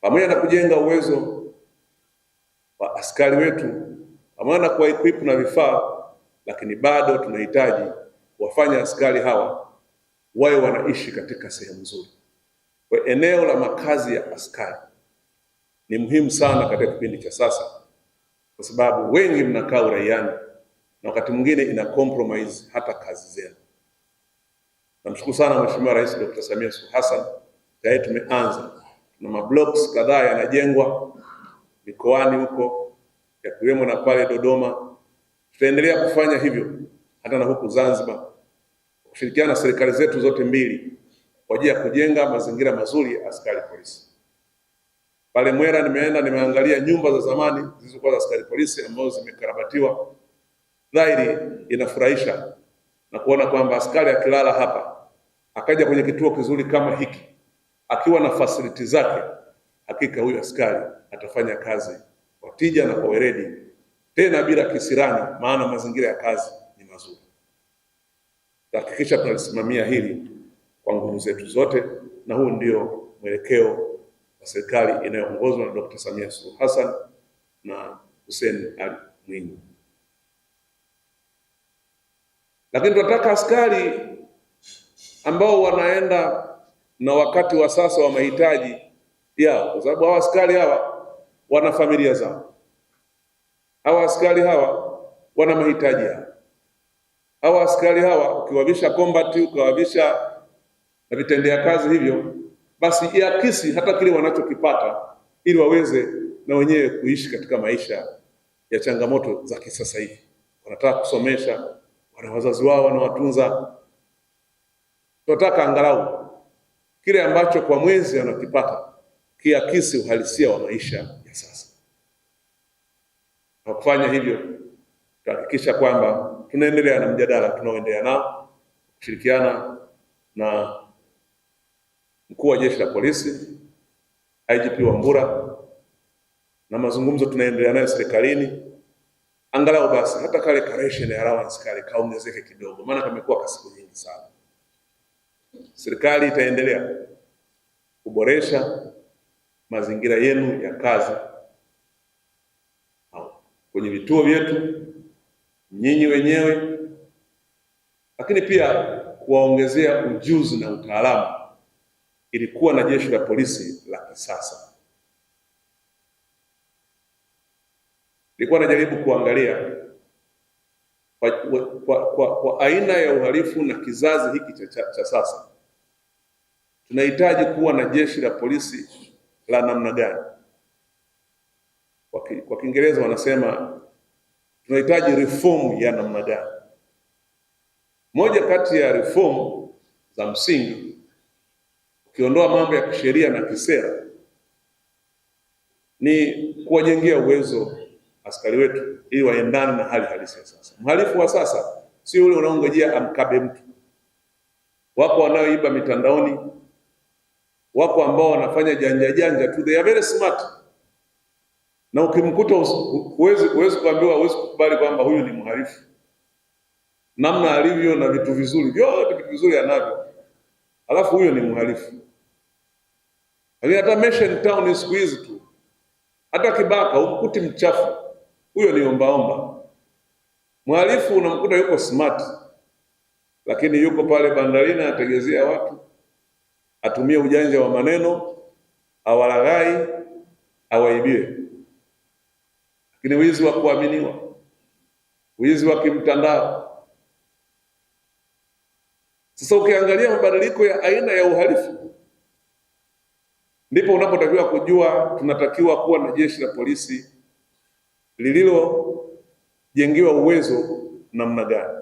pamoja na kujenga uwezo wa askari wetu pamoja na kuwaequip na vifaa, lakini bado tunahitaji kuwafanya askari hawa wawe wanaishi katika sehemu nzuri. Kwa eneo la makazi ya askari ni muhimu sana katika kipindi cha sasa, kwa sababu wengi mnakaa uraiani na wakati mwingine ina compromise hata kazi zenu. Namshukuru sana Mheshimiwa Rais Dr. Samia Suluhu Hassan, tayari tumeanza na mablocks kadhaa yanajengwa mikoani huko yakiwemo na pale Dodoma. Tutaendelea kufanya hivyo hata na huku Zanzibar, kushirikiana na serikali zetu zote mbili kwa ajili ya kujenga mazingira mazuri ya askari polisi. Pale Mwera nimeenda nimeangalia nyumba za zamani zilizokuwa za askari polisi ambazo zimekarabatiwa, dhahiri inafurahisha na kuona kwamba askari akilala hapa akaja kwenye kituo kizuri kama hiki akiwa na fasiliti zake, hakika huyu askari atafanya kazi kwa tija na kwa weledi, tena bila kisirani, maana mazingira ya kazi ni mazuri. Tahakikisha tunalisimamia hili kwa nguvu zetu zote, na huu ndio mwelekeo wa serikali inayoongozwa na Dkt. Samia Suluhu Hassan na Hussein Ali Mwinyi. Lakini tunataka askari ambao wanaenda na wakati wa sasa wa mahitaji yao, kwa sababu hawa askari hawa wana familia zao, hawa askari hawa wana mahitaji yao, hawa askari hawa ukiwavisha combat, ukiwavisha vitendea kazi hivyo, basi iakisi hata kile wanachokipata, ili waweze na wenyewe kuishi katika maisha ya changamoto za kisasa hivi. Wanataka kusomesha, wana wazazi wao wanawatunza, tunataka angalau kile ambacho kwa mwezi anakipata kiakisi uhalisia wa maisha ya sasa. Kwa kufanya hivyo, tutahakikisha kwamba tunaendelea na mjadala tunaoendelea nao kushirikiana na mkuu wa jeshi la polisi, IGP Wambura, na mazungumzo tunaendelea nayo serikalini, angalau basi hata kale karation allowance kale kaongezeke kidogo, maana kamekuwa kasiku nyingi sana. Serikali itaendelea kuboresha mazingira yenu ya kazi kwenye vituo vyetu, nyinyi wenyewe, lakini pia kuwaongezea ujuzi na utaalamu ili kuwa na jeshi la polisi la kisasa. Nilikuwa najaribu kuangalia kwa, kwa, kwa, kwa aina ya uhalifu na kizazi hiki cha, cha, cha sasa tunahitaji kuwa na jeshi la polisi la namna gani? Kwa Kiingereza wanasema tunahitaji reform ya namna gani? Moja kati ya reform za msingi, ukiondoa mambo ya kisheria na kisera, ni kuwajengea uwezo askari wetu ili waendane na hali halisi ya sasa. Mhalifu wa sasa sio yule unaongojea amkabe mtu. wako wanaoiba mitandaoni, wako ambao wanafanya janja janja tu, they are very smart, na ukimkuta huwezi huwezi kuambiwa, huwezi kukubali kwamba huyu ni mhalifu. Namna alivyo na vitu vizuri vyote, vitu vizuri anavyo, alafu huyo ni mhalifu. Lakini hata Meshen Town siku hizi tu, hata kibaka umkuti mchafu huyo ni ombaomba. Mhalifu unamkuta yuko smart, lakini yuko pale bandarini ategezea watu, atumie ujanja wa maneno, awalaghai, awaibie. Lakini wizi wa kuaminiwa, wizi wa kimtandao. Sasa ukiangalia mabadiliko ya aina ya uhalifu, ndipo unapotakiwa kujua tunatakiwa kuwa na jeshi la polisi lililojengewa uwezo namna gani?